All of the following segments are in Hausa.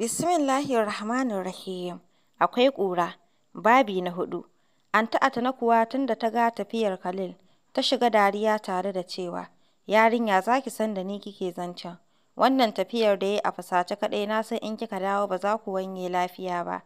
Rahmanir Rahim, Akwai ƙura. Babi na hudu. An ta'ata na kuwa tun da ta ga tafiyar Khalil, ta shiga dariya tare da cewa, yarinya za ki san da ni kike zancen. Wannan tafiyar da yayi a fasace kaɗai na san in kika dawo ba za ku wanye lafiya ba.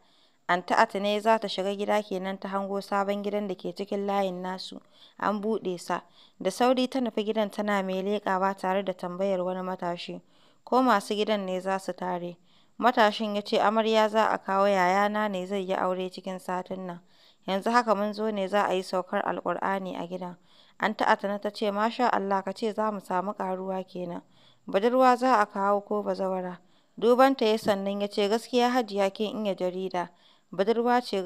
An ta'ata ne za ta shiga gida kenan ta hango sabon gidan da ke cikin layin nasu, an buɗe sa. Da sauri ta nufi gidan tana mai leƙawa tare da tambayar wani matashi, ko masu gidan ne za su tare. Matashin ya ce, "Amarya za a kawo yayana ne zai yi aure cikin satin nan, yanzu haka mun zo ne za a yi saukar Alkur'ani a gidan." Anty na ta ce, "Masha Allah, ka ce za mu samu karuwa kenan." budurwa za a kawo ko bazawara?" Duban ya yi sannan ya ce, "Gaskiya Hajiya kin iya jarida, budurwa ce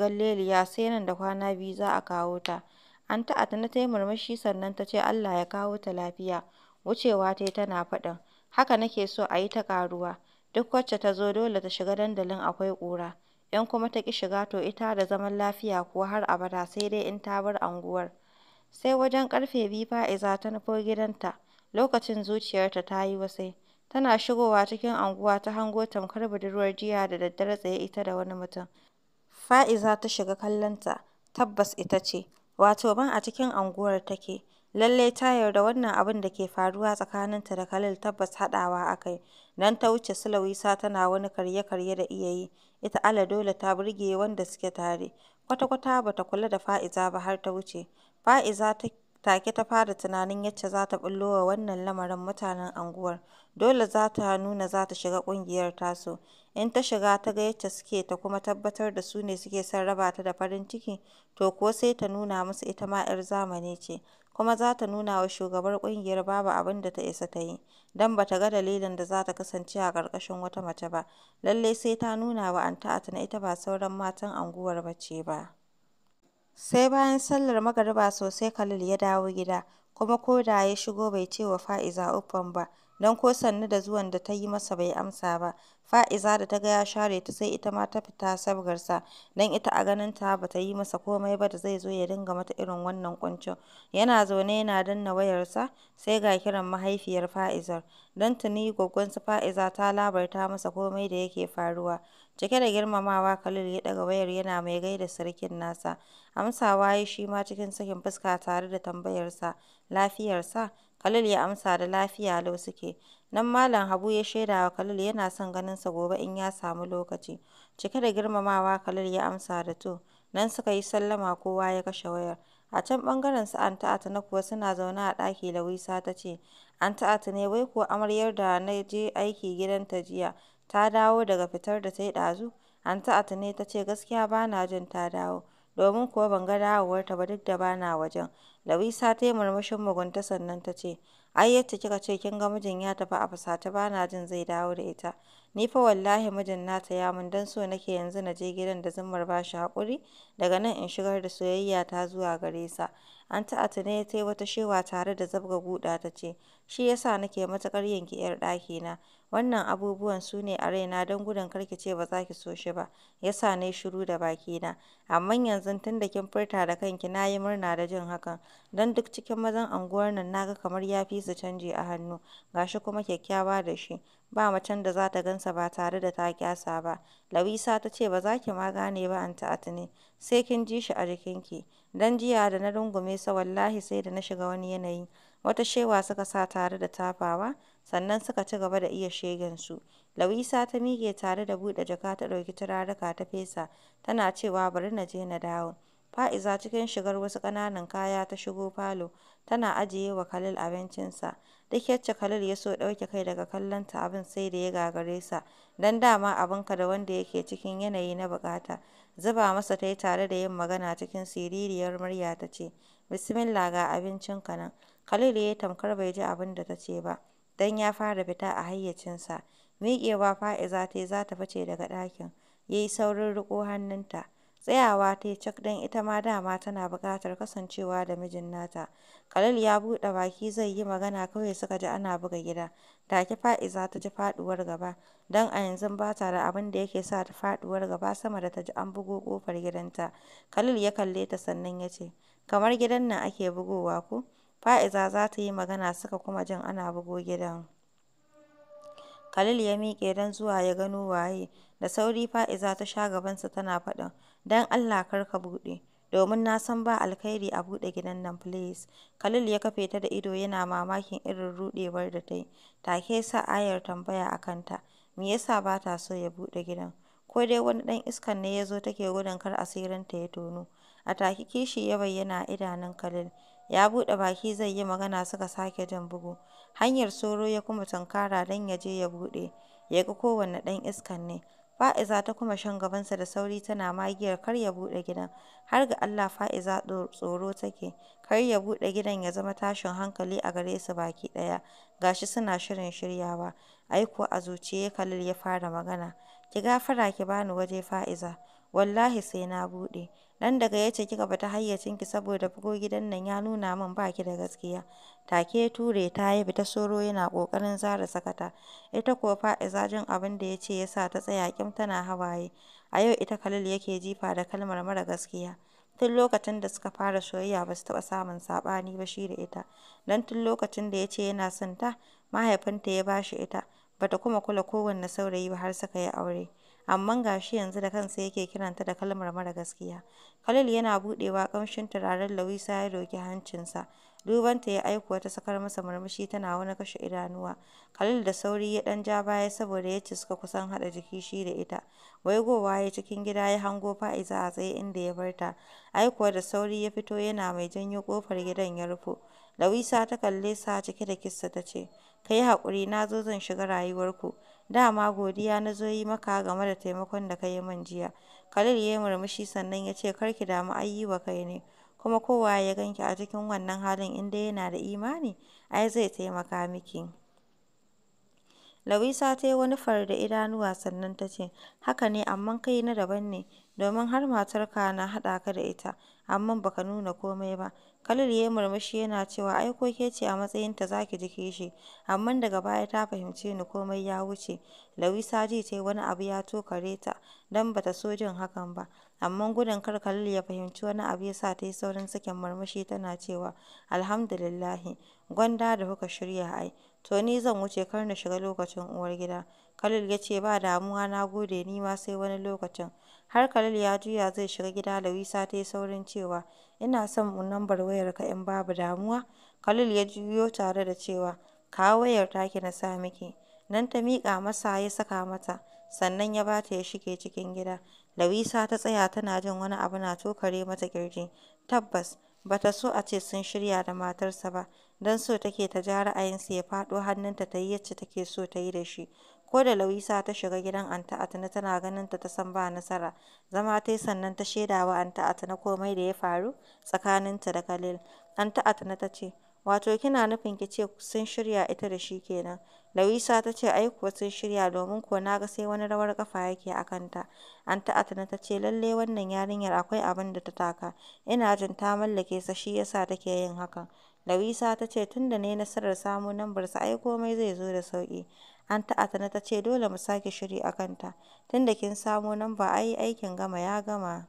ya sai nan da kwana biyu za a kawo ta." Anty Atana ta yi murmushi sannan ta ce, "Allah ya kawo ta lafiya." Wucewa ta yi tana faɗin, "Haka nake so a yi ta karuwa Duk wacce ta zo dole ta shiga dandalin akwai ƙura, in kuma ta ƙi shiga to ita da zaman lafiya kuwa har abada sai dai in ta bar unguwar. Sai wajen ƙarfe biyu Fa'iza ta nufo gidanta, lokacin zuciyarta ta yi wasai, tana shigowa cikin unguwa ta hango tamkar budurwar jiya da daddare tsaye ita da wani mutum. Fa'iza ta shiga kallonta, tabbas ita ce, wato ban a cikin unguwar take, lallai ta yarda wannan abin da ke faruwa tsakaninta da Khalil tabbas haɗawa akai kai. Nan ta wuce sulawisa tana wani karye-karye da iya yi, ita dole ta burge wanda suke tare, kwata-kwata ba ta kula da Faiza ba har ta wuce, Faiza take ta fara tunanin yacce za ta bullo wa wannan lamarin mutanen anguwar dole za ta nuna za ta shiga kungiyar tasu, in ta shiga ta ga yacce suke ta kuma tabbatar da su ne suke son raba ta da farin ciki, to kuwa sai ta nuna musu ita ma 'yar zamani ce. kuma za ta nuna wa shugabar ƙungiyar babu abin da ta isa ta yi, don ba ta ga dalilin da za ta kasance a karkashin wata mace ba, lallai sai ta nuna wa Anty na ita ba sauran matan anguwar ba ba. Sai bayan sallar magariba sosai Khalil ya dawo gida, kuma ko da ya shigo bai ce wa Fa'iza uffam ba. don ko sannu da zuwan da ta yi masa bai amsa ba. Fa'iza da ta ga ya share ta sai ita ma ta fita sabgarsa, don ita a ganinta ba ta yi masa komai ba da zai zo ya dinga mata irin wannan ƙuncin. Yana zaune yana danna wayarsa, sai ga kiran mahaifiyar Fa'izar, don tuni gwaggonsu Fa'iza ta labarta masa komai da yake faruwa. Cike da girmamawa Khalil ya ɗaga wayar yana mai gaida sarkin nasa. Amsawa ya shi ma cikin sakin fuska tare da tambayarsa lafiyarsa. Khalil ya amsa da lafiya lau suke. Nan Malam Habu ya wa Khalil yana son ganinsa gobe in ya samu lokaci. Cike da girmamawa Khalil ya amsa da to. Nan suka yi sallama kowa ya kashe wayar. A can bangaren su an ta'ata na kuwa suna zaune a ɗaki Lawisa ta ce, an ta'ata ne wai kuwa amaryar da na je aiki gidanta jiya ta dawo daga fitar da ta yi ɗazu? ta'ata ne ta ce gaskiya ba na jin ta dawo. domin kuwa ban ga dawowarta ba duk da ba na wajen. lawisa ta yi murmushin mugunta sannan ta ce, "Ai, yadda kika ce kin ga mijin ya tafi a fusace ba na jin zai dawo da ita." Ni fa wallahi mijin nata ya mun dan so nake yanzu na je gidan da zimmar ba shi hakuri daga nan in shigar da soyayyata zuwa gare sa. Anty Atine ta yi wata shewa tare da zabga guɗa ta ce, shi yasa nake matuƙar yanki yar 'yar ɗakina, wannan abubuwan su ne a raina don gudun karki ce ba za ki so shi ba, yasa sa shiru da bakina, amman yanzu tun da kin furta da kanki na yi murna da jin hakan, don duk cikin mazan unguwar nan naga kamar ya fi su canji a hannu, gashi kuma kyakkyawa da shi. Ba macen da za ta gansa ba tare da ta kyasa ba. lawisa ta ce, ba za ki ma gane ba Anty atini sai kin ji shi a jikin ki dan jiya da na rungume sa wallahi sai da na shiga wani yanayi. Wata shewa suka sa tare da tafawa, sannan suka ci gaba da iya shegen su lawisa ta miƙe tare da buɗe jaka ta ɗauki turaruka ta fesa, tana cewa bari na je na dawo. Fa'iza cikin shigar wasu ƙananan kaya ta shigo falo, tana ajiye wa Khalil abincinsa. Duk yacce Khalil ya so ɗauke kai daga kallon ta abin sai da ya gagare sa, don dama ka da wanda yake cikin yanayi na bukata Zuba masa ta yi tare da yin magana cikin siririyar murya ta ce, Bismillah ga abincin ka nan. Khalil ya tamkar bai ji abin da ta ce ba, don ya fara fita a hayyacinsa. Miƙewa Fa'iza ta yi za ta fice daga ɗakin, ya yi saurin riƙo hannunta. Tsayawa ta yi cak don ita ma dama tana buƙatar kasancewa da mijin nata, Khalil ya buɗe baki zai yi magana kawai suka ji ana buga gida, take Faiza ta ji faduwar gaba, don a yanzu ba ta da abin da yake sa ta faduwar gaba sama da ta ji an bugo ƙofar gidanta, Khalil ya kalle ta sannan ya ce, "Kamar gidan nan ake bugowa ko?" Faiza za ta yi magana suka kuma jin ana bugo gidan. Khalil ya miƙe don zuwa ya gano waye, da sauri Faiza ta sha gabansa tana faɗin. don Allah kar ka buɗe, domin na san ba alkhairi a buɗe gidan nan please. Khalil ya kafe ta da ido yana mamakin irin ruɗewar da ta yi, take ke sa ayar tambaya a kanta, me yasa ba ta so ya buɗe gidan? Ko dai wani ɗan iskan ne ya zo take gudun kar ta ya tono. A taki kishi ya bayyana idanun Khalil. ya buɗe baki zai yi magana suka sake jin bugu hanyar soro ya kuma tunkara don ya je ya buɗe ya ga kowane ɗan iskan ne Fa'iza ta kuma shan gabansa da sauri tana magiyar kar ya bude gidan, har ga Allah Fa'iza tsoro take, kar ya bude gidan ya zama tashin hankali a gare su baki daya ga shi suna shirin shiryawa. Ai kuwa a zuciye Khalil ya fara magana, ki gafara ki bani waje Fa'iza, wallahi sai na bude. Nan daga yace kika fita hayyacinki saboda bugo gidan nan ya nuna min baki da gaskiya. Take ya ture ta ya ta soro yana kokarin zara sakata. Ita kuwa Fa'iza jin abin da yace ce ya sa ta tsaya kim tana hawaye. A yau ita kalil yake jifa da kalmar mara gaskiya. Tun lokacin da suka fara soyayya ba su taɓa samun saɓani ba shi da ita. dan tun lokacin da yace yana son ta, mahaifinta ya bashi ita, Bata kuma kula kowanne saurayi ba har suka yi aure. Amma ga shi yanzu da kansa yake kiranta da kalmar mara gaskiya. Khalil yana buɗewa kamshin turaren lawisa ya doki hancinsa. Dubanta ya aiko wata ta sakar masa murmushi tana wani kashe idanuwa. Khalil da sauri ya ɗan ja baya saboda ya suka kusan haɗa jiki shi da ita. Waigowa ya cikin gida ya hango Fa'iza a tsaye inda ya bar ta. da sauri ya fito yana mai janyo kofar gidan ya rufo. lawisa ta kalle sa cike da kissa ta ce, kai na zo zan shiga rayuwarku." dama godiya na zo yi maka game da taimakon da ka yi min jiya. Khalil ya yi murmushi sannan ya ce kar ki damu ai yi wa kai ne, kuma kowa ya ganki a cikin wannan halin in dai yana da imani ai zai taimaka miki. Lawisa ta yi wani far da idanuwa sannan ta ce, haka ne amma kai na daban ne, domin har matar ka na haɗa ka da ita, amma ba ka nuna komai ba. Khalil ya yi murmushi yana cewa ai ko ke ce a ta za ki ji kishi, amma daga baya ta fahimci ni komai ya wuce. Lawisa ji ta wani abu ya tokare ta dan bata so jin hakan ba, amma gudun kar Khalil ya fahimci wani abu ya sa ta yi saurin sakin murmushi tana cewa alhamdulillahi, gwanda da kuka shirya ai. To ni zan wuce kar na shiga lokacin uwargida. Khalil ya ce ba damuwa na gode ni ma sai wani lokacin. Har Khalil ya juya zai shiga gida, Louisa ta yi saurin cewa, "Ina son mu lambar wayarka in babu damuwa." Khalil ya juyo tare da cewa, "Kawo wayar taki na sa miki." Nan ta mika masa ya saka mata, sannan ya bata ya shige cikin gida. lawisa ta tsaya tana jin wani abu na tokare mata kirji Tabbas, bata so a ce sun shirya da matarsa ba, dan so take ta ja ra'ayinsa ya faɗo hannunta ta yi yacce take so ta yi da shi. Ko da Louisa ta shiga gidan Anty na tana ganin ta san ba nasara, zama ta yi sannan ta shaidawa Anty na komai da ya faru tsakaninta da Khalil. Anty na ta ce, "Wato kina nufin ki ce sun shirya ita da shi kenan lawisa Louisa ta ce, "Ai kuwa sun shirya domin ko na ga sai wani rawar kafa yake a kanta." Anty na ta ce, lalle wannan yarinyar akwai abin da ta taka, ina jin ta mallake sa shi yasa take yin hakan." Louisa ta ce, "Tun da nasarar samo sa ai komai zai zo da sauki. an Anty na ta ce dole mu sake shiri a kanta, tunda kin samo nan ba a yi aikin gama ya gama.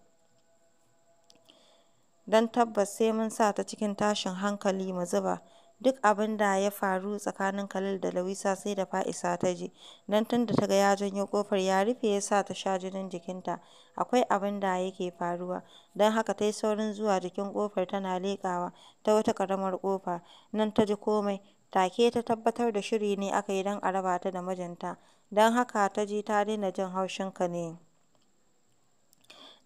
Don tabbas sai mun sa ta cikin tashin hankali mu zuba. Duk abin da ya faru tsakanin Khalil da lawisa sai da Fa'isa ta ji, don tun da ta ga ya janyo ƙofar ya rufe ya sa ta sha jinin jikinta, akwai abin da yake faruwa, don haka ta yi saurin zuwa jikin kofar tana leƙawa ta wata ƙaramar kofa nan ta ji komai, take ta tabbatar da shiri ne aka yi don a raba ta da mijinta, don haka ta ji ta daina jin haushin ka ne.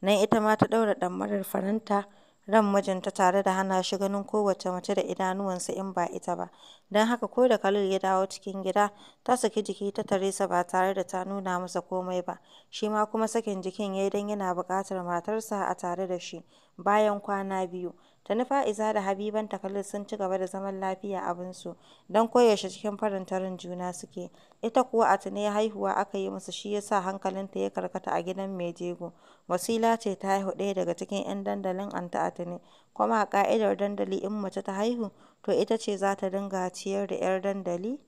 Nan ita ma ta ɗaura ɗamarar faranta. ran mijinta tare da hana shi ganin kowace mace da idanuwansa in ba ita ba, don haka ko da Khalil ya dawo cikin gida, ta saki jiki ta tare sa ba tare da ta nuna masa komai ba, shi ma kuma sakin jikin ya yi don yana buƙatar matarsa a tare da shi, bayan kwana biyu. tani Fa'iza da Habibanta kalar sun ci gaba da zaman lafiya abinsu, don koyaushe cikin farin tarin juna suke, ita kuwa a tuni haihuwa aka yi musu shi yasa sa hankalinta ya karkata a gidan mai jego, Wasila ce ta haihu ɗaya daga cikin 'yan dandalin Anty tuni. kuma a ƙa'idar dandali in mace ta haihu, to ita ce za ta dinga ciyar da 'yar dandali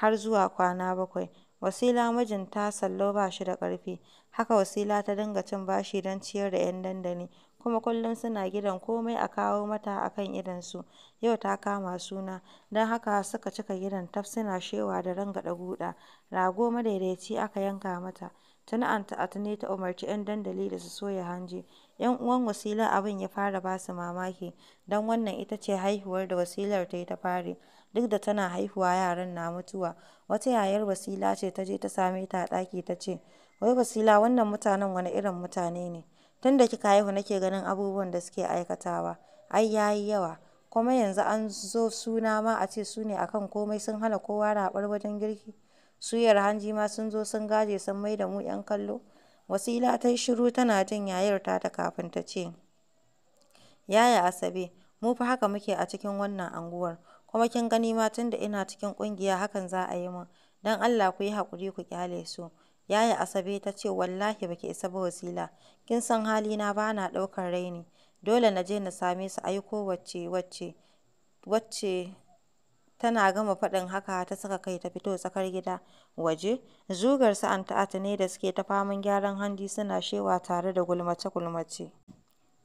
har zuwa kwana bakwai. Wasila mijinta sallo ba shi da karfi haka Wasila ta dinga cin bashi don ciyar da 'yan dandali. kuma kullum suna gidan komai a kawo mata a kan idonsu, yau ta kama suna, don haka suka cika gidan tafsina shewa da rangaɗa guɗa, rago madaidaici aka yanka mata, tuni Anty Atine ta umarci ‘yan dandali da su soya hanji, ‘yan uwan Wasila abin ya fara ba su mamaki, don wannan ita ce haihuwar da Wasilar ta yi ta fari, duk da tana haihuwa yaran na mutuwa, wata yayar Wasila ce ta je ta same ta a ɗaki ta ce, wai Wasila wannan mutanen wani irin mutane ne? Tun da kika haihu nake ganin abubuwan da suke aikatawa, ai ya yi yawa, kuma yanzu an zo suna ma a ce su ne a kan komai sun hana kowa raɓar wajen girki, suyar hanji ma sun zo sun gaje sun mai da mu 'yan kallo. Wasila ta yi shiru tana jin yayar ta kafin ta ce, Yaya Asabe, mu fa haka muke a cikin wannan anguwar kuma kin gani ma tun da ina cikin ƙungiya hakan za a yi mun dan Allah ku yi hakuri ku kyale su. Yaya Asabe ta ce wallahi baki isa ba Wasila, kin san halina ba na daukar raini, dole na je na same su ai ko wacce wacce tana gama faɗin haka ta saka kai ta fito tsakar gida waje, zugar su Anty ne da suke ta faman gyaran handi suna shewa tare da gulmace-gulmace.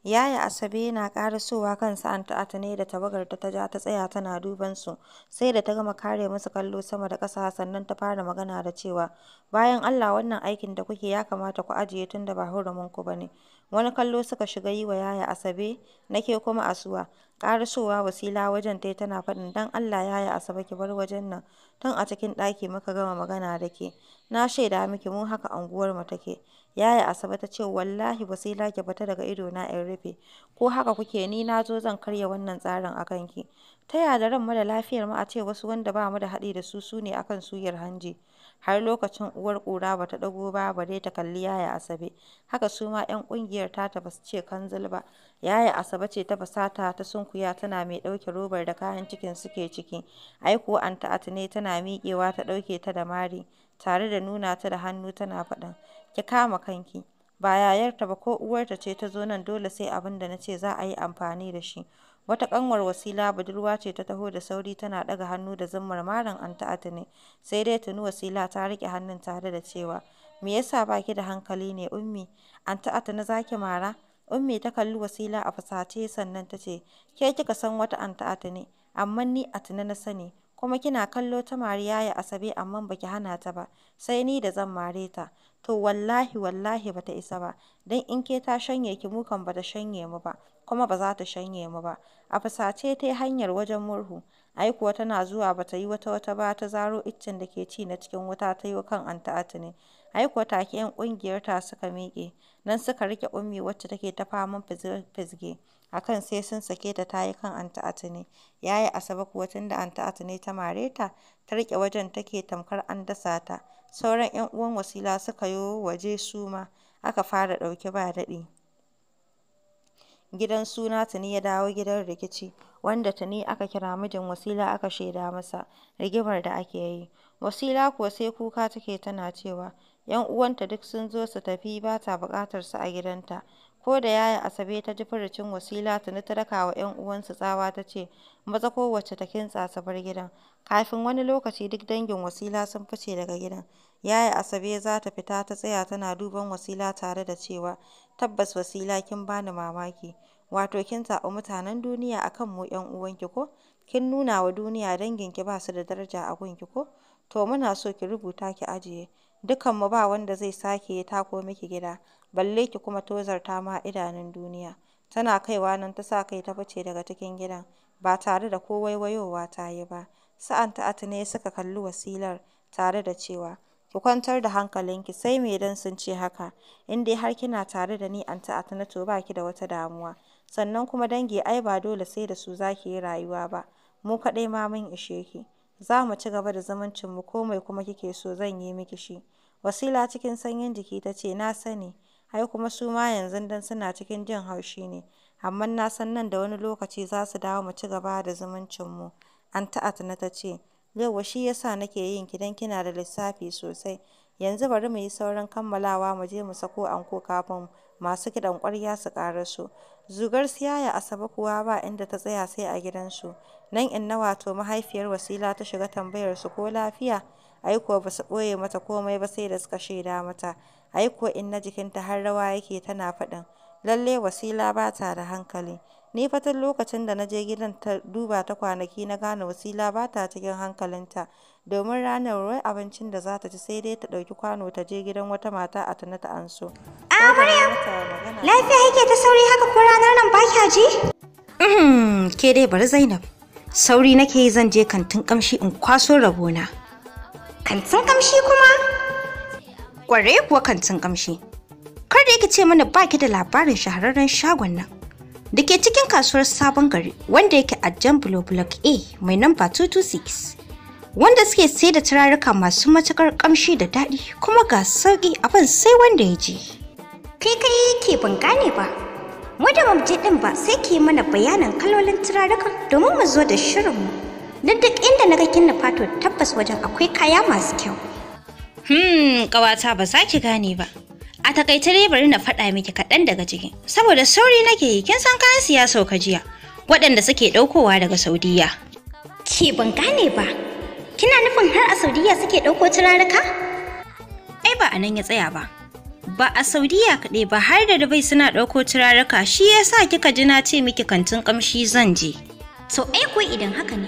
Yaya Asabe yana ƙarasowa kan sa'an anty ne da tawagarta ta ja ta tsaya tana duban su, sai da ta gama kare musu kallo sama da ƙasa sannan ta fara magana da cewa, "Bayan Allah wannan aikin da kuke ya kamata ku ajiye tun da ba huruminku ba ne." Wani kallo suka shiga yi wa Yaya Asabe, nake kuma Asuwa. karasowa Wasila wajen ta tana faɗin, dan Allah Yaya Asabe ki bar wajen nan, tun a cikin ɗaki muka gama magana da ke. Na shaida miki mu haka unguwarmu take. Yaya Asabe ta ce wallahi ba sai lake ta daga idona in rufe, ko haka kuke ni na zo zan karya wannan tsarin a kanki. Ta ya ran ranmu da lafiyarmu a ce wasu wanda ba mu da haɗi da su sune akan suyar hanji. Har lokacin uwar ƙura ba ta ɗago ba ba dai ta kalli Yaya Asabe. Haka su ma 'yan ƙungiyar ta ta su ce kanzil ba. Yaya Asabe ce ta ta sunkuya tana mai ɗauke robar da kayan cikin suke ciki. Ai an Anti ne tana miƙewa ta ɗauke ta da mari, tare da nuna ta da hannu tana faɗin ki kama kanki. Ba yayarta ba ko uwarta ce ta zo nan dole sai abin da na ce za a yi amfani da shi. Wata ƙanwar Wasila budurwa ce ta taho da sauri tana ɗaga hannu da zummar marin Anti ne, sai dai tuni Wasila ta rike hannun tare da cewa, Me yasa ba ki da hankali ne Ummi? Anti na za ki mara? Ummi ta kalli Wasila a fasace sannan ta ce, Ke kika san wata Anti ne? amma ni a tuna na sani, kuma kina kallo ta mari Yaya Asabe amma baki hana ta ba, sai ni da zan mare ta, to wallahi wallahi bata isa ba, dan in ke ta shanye ki mu kan ba shanye mu ba, kuma ba za ta shanye mu ba. A fusace ta hanyar wajen murhu. Ai kuwa tana zuwa ba ta yi wata-wata ba ta zaro iccen da ke ci na cikin wuta ta yi kan Anty Atiny. Ai kuwa take 'yan ƙungiyarta suka miƙe, nan suka rike Ummi wacce take ta faman fizge akan a kan sai sun sake ta ta yi kan Anty Atiny. Yaya Asabe kuwa tun da Anty ta mare ta, ta rike wajen take tamkar an dasa ta. Sauran 'yan uwan Wasila suka yo waje suma aka fara ɗauki ba daɗi. gidan suna tuni ya dawo gidan rikici, wanda tuni aka kira mijin Wasila aka shaida masa rigimar da ake yi. Wasila kuwa sai kuka take tana cewa ‘yan uwanta duk sun zo su tafi ba ta buƙatar su a gidanta. Ko da Yaya Asabe ta ji furucin Wasila tuni ta daka wa 'yan uwansu tsawa ta ce maza kowacce ta kintsa su bar gidan, kafin wani lokaci duk dangin Wasila sun fice daga gidan. Yaya Asabe za ta fita ta tsaya tana duban Wasila tare da cewa, Tabbas Wasila kin bani mamaki, wato kin zaɓi mutanen duniya a kan mu 'yan uwanki ko? Kin nuna wa duniya danginki ba su da daraja a gunki ko? To muna so ki rubuta ki ajiye, dukkanmu ba wanda zai sake ya tako miki gida. balle ki kuma tozarta ma idanun duniya. Tana kaiwa nan ta sa kai ta fice daga cikin gidan, ba tare da ko waiwayowa ta yi ba. sa'an Sa'anta Atine suka kalli wasilar tare da cewa, ki kwantar da hankalinki sai me dan sun ce haka, in dai har kina tare da ni Anty Atine to ba ki da wata damuwa. Sannan kuma dangi ai ba dole sai da su za ki yi rayuwa ba, mu kaɗai ma mun ishe ki. Za mu ci gaba da mu komai kuma kike so zan yi miki shi. Wasila cikin sanyin jiki ta ce, na sani. ai kuma su ma yanzu don suna cikin jin haushi ne, amma na san nan da wani lokaci za su dawo mu ci gaba da zumuncinmu," Aunt na ta ce, "Yawwa shi ya nake yin ki kina da lissafi sosai, yanzu bari mu yi saurin kammalawa mu je mu sako anko kafin masu kiɗan ƙwarya su ƙaraso." Zugar siyaya Yaya Asabe kuwa ba inda ta tsaya sai a gidansu, nan Inna wato mahaifiyar Wasila ta shiga tambayar su ko lafiya, ai kuwa ba su ɓoye mata komai ba sai da suka shaida mata. ai in na jikinta har rawa yake tana faɗin lalle wasila ba ta da hankali ni fa tun lokacin da na je gidan ta duba ta kwanaki na gane wasila ba ta cikin hankalinta domin ranar wai abincin da za ta ci sai dai ta ɗauki kwano ta je gidan wata mata a tana ta anso. a maryam lafiya yake ta sauri haka ko ranar nan ba kya ji mm-hmm, ke dai bari zainab sauri nake yi zan je kantin kamshi in kwaso rabona kantin kamshi kuma Kware kuwa kantin kamshi Kar da yake ce mana ba ki da labarin shahararren shagon nan. Da ke cikin kasuwar sabon gari wanda yake a Jan Block A mai namba 226. Wanda suke sai da turaruka masu matuƙar kamshi da daɗi kuma ga sauƙi abin sai wanda ya je. Kai kai ke ban gane ba. mu da din ba sai ke mana bayanan kalolin turarukan domin mu zo da shirinmu don duk inda na ga kinna fato tabbas wajen akwai kaya masu kyau Hmm, ƙawata ba za ki gane ba. A takaice dai bari na faɗa miki kaɗan daga cikin, saboda sauri nake yi kin san kayan siya sauka jiya, waɗanda suke ɗaukowa daga Saudiya. Ke ban gane ba, kina nufin har a Saudiya suke ɗauko turaruka? Ai ba a nan ya tsaya ba. Ba a Saudiya kaɗai ba har da Dubai suna ɗauko turaruka shi yasa kika ji na ce miki kantin ƙamshi zan je. To ai ko idan haka ne,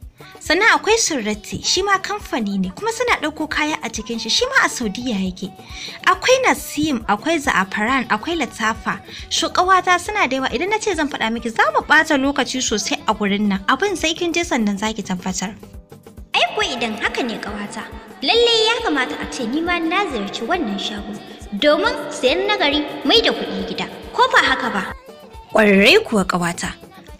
sannan akwai surrati shi ma kamfani ne kuma suna ɗauko kaya a cikin shi shi ma a saudiya yake akwai nasim akwai za'afaran akwai latafa shukawata suna da yawa idan na ce zan faɗa miki za mu ɓata lokaci sosai a gurin nan abin sai kin je sannan za ki tabbatar ai ko idan haka ne kawata lallai ya kamata a ce ni ma na ziyarci wannan shago domin sayan nagari mai da kuɗi gida ko ba haka ba ƙwararre kuwa kawata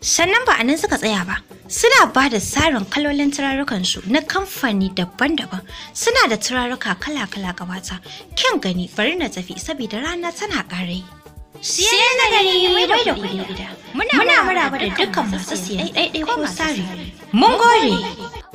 Sannan ba a nan suka tsaya ba, suna ba da tsarin kalolin turarukansu na kamfani daban-daban suna da turaruka kala-kala gabata. Kyan gani bari na tafi saboda rana tana karai Siyan na gani mai da kuɗi gida, Muna maraba da dukkan masu siyan ɗaiɗai ko tsari. Mun gore!